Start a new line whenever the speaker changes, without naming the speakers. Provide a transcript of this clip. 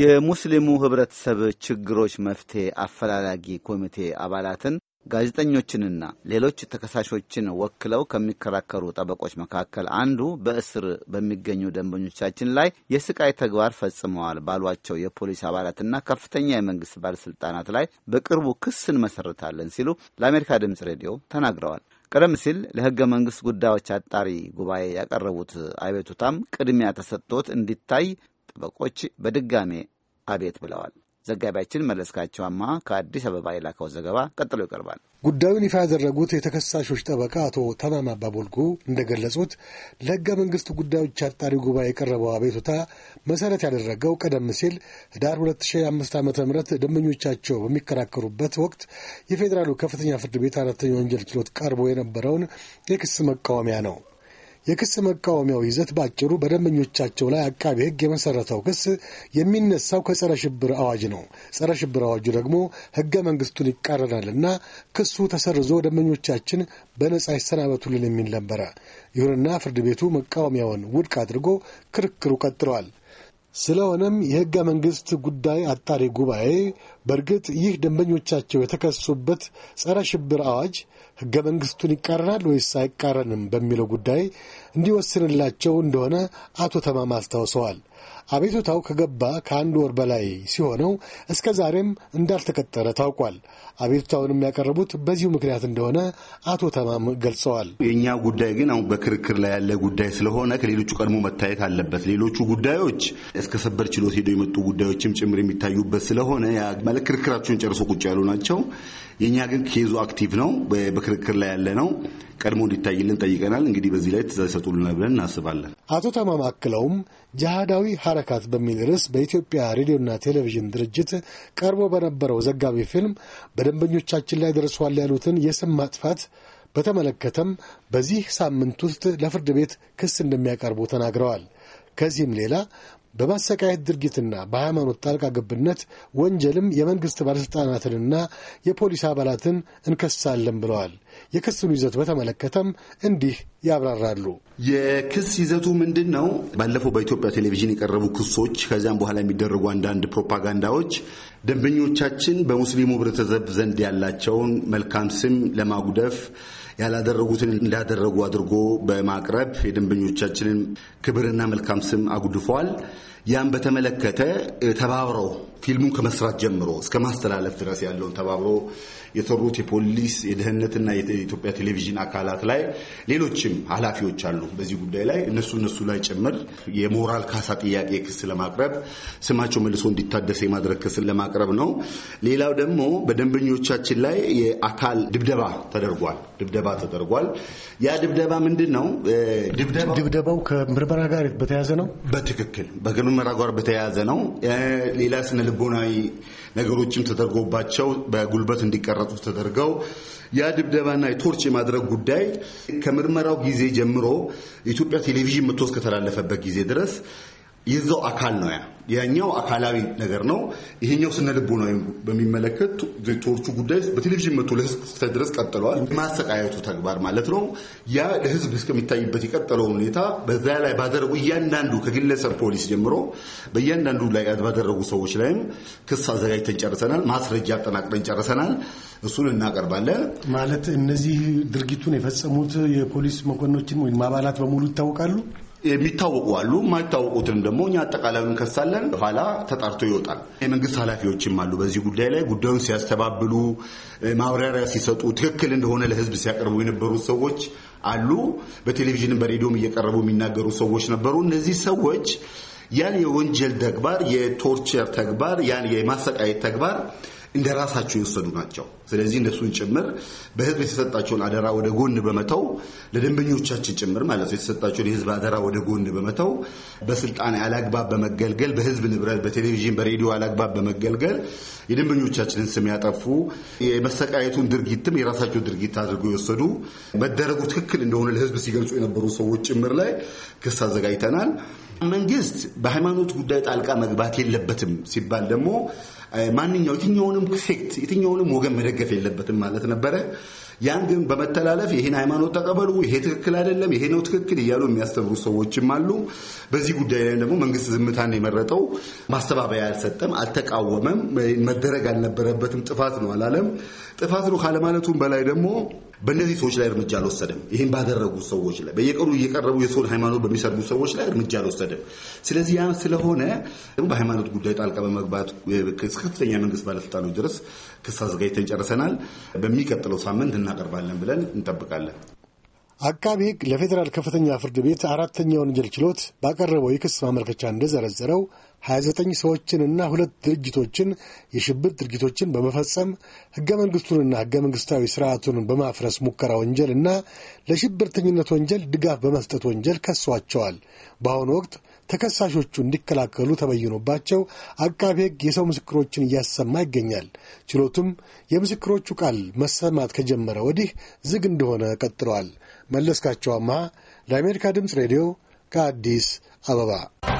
የሙስሊሙ ህብረተሰብ ችግሮች መፍትሄ አፈላላጊ ኮሚቴ አባላትን ጋዜጠኞችንና ሌሎች ተከሳሾችን ወክለው ከሚከራከሩ ጠበቆች መካከል አንዱ በእስር በሚገኙ ደንበኞቻችን ላይ የስቃይ ተግባር ፈጽመዋል ባሏቸው የፖሊስ አባላትና ከፍተኛ የመንግስት ባለስልጣናት ላይ በቅርቡ ክስ እንመሰርታለን ሲሉ ለአሜሪካ ድምፅ ሬዲዮ ተናግረዋል። ቀደም ሲል ለህገ መንግስት ጉዳዮች አጣሪ ጉባኤ ያቀረቡት አቤቱታም ቅድሚያ ተሰጥቶት እንዲታይ ጠበቆች በድጋሜ አቤት ብለዋል። ዘጋቢያችን መለስካቸዋማ ከአዲስ አበባ የላከው ዘገባ ቀጥሎ ይቀርባል።
ጉዳዩን ይፋ ያደረጉት የተከሳሾች ጠበቃ አቶ ተማም አባቦልጉ እንደገለጹት ለሕገ መንግሥት ጉዳዮች አጣሪ ጉባኤ የቀረበው አቤቱታ መሠረት ያደረገው ቀደም ሲል ህዳር 2005 ዓ ም ደንበኞቻቸው በሚከራከሩበት ወቅት የፌዴራሉ ከፍተኛ ፍርድ ቤት አራተኛ ወንጀል ችሎት ቀርቦ የነበረውን የክስ መቃወሚያ ነው። የክስ መቃወሚያው ይዘት ባጭሩ በደንበኞቻቸው ላይ አቃቢ ሕግ የመሰረተው ክስ የሚነሳው ከጸረ ሽብር አዋጅ ነው። ጸረ ሽብር አዋጁ ደግሞ ሕገ መንግስቱን ይቃረናልና ክሱ ተሰርዞ ደንበኞቻችን በነጻ ይሰናበቱልን የሚል ነበረ። ይሁንና ፍርድ ቤቱ መቃወሚያውን ውድቅ አድርጎ ክርክሩ ቀጥሏል። ስለሆነም የሕገ መንግሥት ጉዳይ አጣሪ ጉባኤ በእርግጥ ይህ ደንበኞቻቸው የተከሱበት ጸረ ሽብር አዋጅ ህገ መንግስቱን ይቃረናል ወይስ አይቃረንም በሚለው ጉዳይ እንዲወስንላቸው እንደሆነ አቶ ተማም አስታውሰዋል። አቤቱታው ከገባ ከአንድ ወር በላይ ሲሆነው እስከ ዛሬም እንዳልተቀጠረ ታውቋል። አቤቱታውንም ያቀረቡት በዚሁ ምክንያት እንደሆነ አቶ ተማም ገልጸዋል።
የእኛ ጉዳይ ግን አሁን በክርክር ላይ ያለ ጉዳይ ስለሆነ ከሌሎቹ ቀድሞ መታየት አለበት። ሌሎቹ ጉዳዮች እስከ ሰበር ችሎት ሄደው የመጡ ጉዳዮችም ጭምር የሚታዩበት ስለሆነ ማለት ክርክራቸውን ጨርሶ ቁጭ ያሉ ናቸው። የእኛ ግን ኬዙ አክቲቭ ነው፣ በክርክር ላይ ያለ ነው። ቀድሞ እንዲታይልን ጠይቀናል። እንግዲህ በዚህ ላይ ትእዛዝ ይሰጡልናል ብለን እናስባለን።
አቶ ተማም አክለውም ጅሃዳዊ ሐረካት በሚል ርዕስ በኢትዮጵያ ሬዲዮና ቴሌቪዥን ድርጅት ቀርቦ በነበረው ዘጋቢ ፊልም በደንበኞቻችን ላይ ደርሷል ያሉትን የስም ማጥፋት በተመለከተም በዚህ ሳምንት ውስጥ ለፍርድ ቤት ክስ እንደሚያቀርቡ ተናግረዋል። ከዚህም ሌላ በማሰቃየት ድርጊትና በሃይማኖት ጣልቃ ገብነት ወንጀልም የመንግሥት ባለሥልጣናትንና የፖሊስ አባላትን እንከሳለን ብለዋል። የክሱን ይዘት በተመለከተም እንዲህ ያብራራሉ።
የክስ ይዘቱ ምንድን ነው? ባለፈው በኢትዮጵያ ቴሌቪዥን የቀረቡ ክሶች፣ ከዚያም በኋላ የሚደረጉ አንዳንድ ፕሮፓጋንዳዎች ደንበኞቻችን በሙስሊሙ ህብረተሰብ ዘንድ ያላቸውን መልካም ስም ለማጉደፍ ያላደረጉትን እንዳደረጉ አድርጎ በማቅረብ የደንበኞቻችንን ክብርና መልካም ስም አጉድፈዋል። ያን በተመለከተ ተባብረው ፊልሙን ከመስራት ጀምሮ እስከ ማስተላለፍ ድረስ ያለውን ተባብሮ የሰሩት የፖሊስ የደህንነትና የኢትዮጵያ ቴሌቪዥን አካላት ላይ ሌሎችም ኃላፊዎች አሉ። በዚህ ጉዳይ ላይ እነሱ እነሱ ላይ ጭምር የሞራል ካሳ ጥያቄ ክስ ለማቅረብ ስማቸው መልሶ እንዲታደስ የማድረግ ክስ ለማቅረብ ነው። ሌላው ደግሞ በደንበኞቻችን ላይ የአካል ድብደባ ተደርጓል። ድብደባ ተደርጓል። ያ ድብደባ ምንድን ነው?
ድብደባው ከምርመራ ጋር በተያያዘ ነው። በትክክል
በግ ምርመራ ጋር በተያያዘ ነው። ሌላ ስነ ልቦናዊ ነገሮችም ተደርጎባቸው በጉልበት እንዲቀረጹ ተደርገው ያ ድብደባና የቶርች የማድረግ ጉዳይ ከምርመራው ጊዜ ጀምሮ የኢትዮጵያ ቴሌቪዥን ምቶ እስከተላለፈበት ጊዜ ድረስ የዛው አካል ነው ያ ያኛው አካላዊ ነገር ነው። ይሄኛው ስነ ልቡ ነው በሚመለከት ቶርቹ ጉዳይ በቴሌቪዥን መቶ ለህዝብ ድረስ ቀጥለዋል። የማሰቃየቱ ተግባር ማለት ነው። ያ ለህዝብ እስከሚታይበት የቀጠለው ሁኔታ በዛ ላይ ባደረጉ እያንዳንዱ ከግለሰብ ፖሊስ ጀምሮ በእያንዳንዱ ላይ ባደረጉ ሰዎች ላይም ክስ አዘጋጅተን ጨርሰናል። ማስረጃ አጠናቅረን ጨርሰናል። እሱን እናቀርባለን።
ማለት እነዚህ ድርጊቱን የፈጸሙት የፖሊስ መኮንኖችን ወይም አባላት በሙሉ ይታወቃሉ። የሚታወቁ አሉ።
የማይታወቁትንም ደግሞ እኛ አጠቃላይ እንከሳለን። ኋላ ተጣርቶ ይወጣል። የመንግስት ኃላፊዎችም አሉ በዚህ ጉዳይ ላይ ጉዳዩን ሲያስተባብሉ፣ ማብራሪያ ሲሰጡ፣ ትክክል እንደሆነ ለህዝብ ሲያቀርቡ የነበሩት ሰዎች አሉ። በቴሌቪዥንም በሬዲዮም እየቀረቡ የሚናገሩ ሰዎች ነበሩ። እነዚህ ሰዎች ያን የወንጀል ተግባር የቶርቸር ተግባር ያን የማሰቃየት ተግባር እንደ ራሳቸው የወሰዱ ናቸው። ስለዚህ እነሱን ጭምር በህዝብ የተሰጣቸውን አደራ ወደ ጎን በመተው ለደንበኞቻችን ጭምር ማለት ነው የተሰጣቸውን የህዝብ አደራ ወደ ጎን በመተው በስልጣን ያላግባብ በመገልገል በህዝብ ንብረት፣ በቴሌቪዥን፣ በሬዲዮ አላግባብ በመገልገል የደንበኞቻችንን ስም ያጠፉ የመሰቃየቱን ድርጊትም የራሳቸው ድርጊት አድርገው የወሰዱ መደረጉ ትክክል እንደሆነ ለህዝብ ሲገልጹ የነበሩ ሰዎች ጭምር ላይ ክስ አዘጋጅተናል። መንግስት በሃይማኖት ጉዳይ ጣልቃ መግባት የለበትም ሲባል ደግሞ ማንኛው የትኛውንም ሴክት የትኛውንም ወገን መደገፍ የለበትም ማለት ነበረ። ያን ግን በመተላለፍ ይሄን ሃይማኖት ተቀበሉ፣ ይሄ ትክክል አይደለም፣ ይሄ ነው ትክክል እያሉ የሚያስተምሩ ሰዎችም አሉ። በዚህ ጉዳይ ላይ ደግሞ መንግስት ዝምታን የመረጠው ማስተባበያ አልሰጠም፣ አልተቃወመም። መደረግ አልነበረበትም፣ ጥፋት ነው አላለም። ጥፋት ነው ካለማለቱም በላይ ደግሞ በእነዚህ ሰዎች ላይ እርምጃ አልወሰደም። ይህን ባደረጉ ሰዎች ላይ በየቀኑ እየቀረቡ የሰውን ሃይማኖት በሚሰርቡ ሰዎች ላይ እርምጃ አልወሰደም። ስለዚህ ያ ስለሆነ በሃይማኖት ጉዳይ ጣልቃ በመግባት ከፍተኛ የመንግስት ባለስልጣኖች ድረስ ክስ አዘጋጅተን ጨርሰናል። በሚቀጥለው ሳምንት እናቀርባለን ብለን እንጠብቃለን።
አቃቢ ሕግ ለፌዴራል ከፍተኛ ፍርድ ቤት አራተኛ ወንጀል ችሎት ባቀረበው የክስ ማመልከቻ እንደዘረዘረው 29 ሰዎችንና ሁለት ድርጅቶችን የሽብር ድርጊቶችን በመፈጸም ሕገ መንግሥቱንና ሕገ መንግሥታዊ ሥርዓቱን በማፍረስ ሙከራ ወንጀልና ለሽብርተኝነት ወንጀል ድጋፍ በመስጠት ወንጀል ከሷቸዋል። በአሁኑ ወቅት ተከሳሾቹ እንዲከላከሉ ተበይኖባቸው አቃቤ ሕግ የሰው ምስክሮችን እያሰማ ይገኛል። ችሎቱም የምስክሮቹ ቃል መሰማት ከጀመረ ወዲህ ዝግ እንደሆነ ቀጥሏል። መለስካቸው ለአሜሪካ ድምፅ ሬዲዮ ከአዲስ አበባ